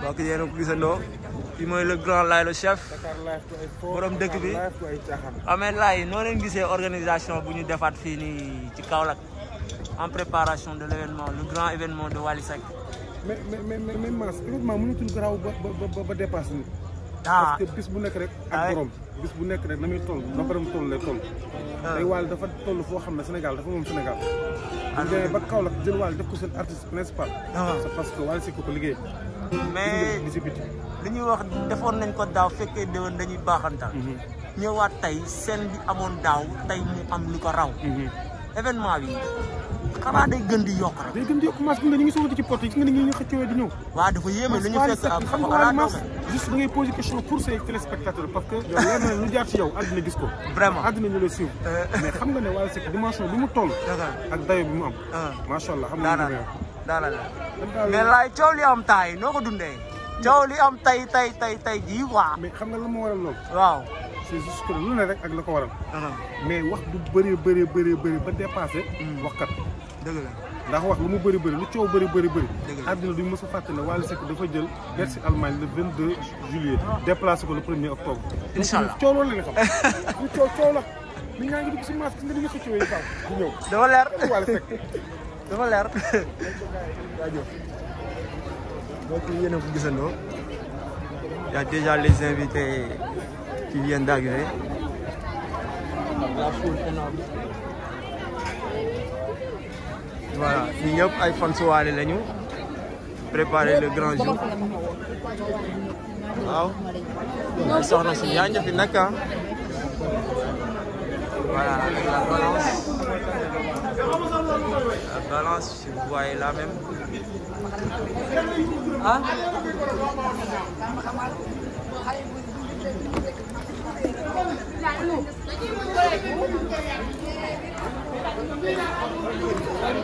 mbokk yéen a ko gisandoo kii mooy le grand laay le chef borom dëkk bi amee laay noo leen gisee organisation bu ñu defaat fii nii ci Kaolack en préparation de l' le grand événement de Wally Seck mais mais mais mais mais événement mënatuñu ko raw ba ba ba dépassé Ah. parce que bu nekk rek ak borom bis bu nekk rek na muy toll na borom toll lay toll ah. tey Wally dafa toll foo xam ne Sénégal dafa moom Sénégal ah. bu demee ba Kaolack jël Wally def ko seen artiste principal c'est parce que Wally si ko ko liggéey mais li ñuy wax defoon nañ ko daaw fekkee déwén dañuy baaxantal mhm. ñëwaat tey seen bi amoon daaw tey mu am lu ko raw mhm. événement bi xanaa day gën di yokk rek. day gën di yokk masse nga ñu ngi soxla ci porte yi gis nga ni ñu xëccoo di ñëw. waaw dafa yéeme li ñu fekk am xam nga masse juste da ngay poser question pour ses téléspectateurs parce que yow leer na lu jaar ci yow àddina gis ko vraiment àddina ñu lay suivre euh. mais xam nga ne Wally Seck dimension bi mu toll ak dayo bi mu am euh. macha allah xam nga daana la mais laay coow li am taay noo ko dundee coow li am tay tay tay tay jii quoi mais xam nga la mu waral loolu waaw c'est juste que lu ne rek ak la ko waral mais wax du bëree bëree bëree bëri ba dépassé hmm. waxkat ndax wax lu mu bëri bëri lu coow bëri bëri bëri àddina duñ mës a fàtte ne Wally Seck dafa jël bersi Allemagne le 22 juillet déplacé ko le premier octobre incha allah coow coow coow la mi ngaa ngi dugg si maas nga nga xëccoo yi baax di ñëw dafa leer Wally Seck dafa leer jaajëf donc yéen voilà ñi ñëpp ay fan su waale lañu préparer le grand jour waaw ay si yaa ngi fi naka ah. voilà la la balance vous voyez là même ah.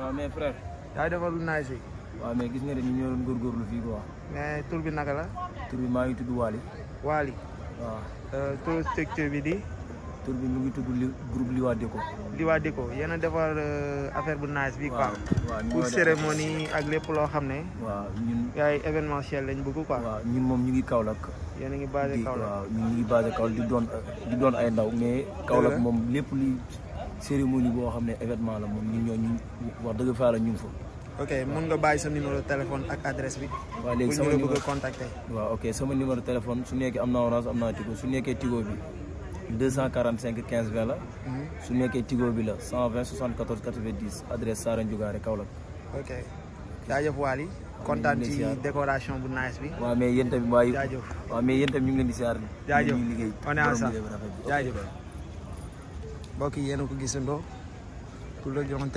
waaw mais frère. yaay defar lu naaj si. waaw mais gis nga ne ñu ñoo doon góorgóorlu fii quoi. mais tur bi naka la. tur bi maa ngi tudd Waly. Waly. waaw. Euh, turu bi di. tur bi mu ngi tudd li groupe Liwadeco. Liwadeco yéen a defar euh, affaire bu naaj bi quoi. pour cérémonie ak lépp loo xam ne. waaw ñun. yaay événementiel lañ bëgg quoi. waaw ñun moom ñu ngi kawlak yéen a ngi basé Kaolack waaw ñu ngi basé Kaolack di doon ay ndaw mais. Kaolack moom lépp luy. cérémonie boo xam ne événement la moom ñu ñoo ñu wax dëgg faa la ñu ngi fa. ok mun nga bàyyi sa numéro téléphone ak adresse bi. waaw léegi sama numéro bëgg a contacter. waaw ok sama numéro téléphone su nekkee am na orange am naa tigo su nekkee tigo bi 245 15 20 la. Mhm. su nekkee tigo bi la 120 74 90 adresse Saara Ndiougaare Kaolack. ok jaajëf Waly. kontaan ci décoration bu nice bi. waaw mais yéen tamit waaye. jaajëf waaw mais yéen tamit ñu ngi leen di siyaar. jaajëf on est ensemble jaajëf mbokk yi yéen a ko gisandoo pour le grand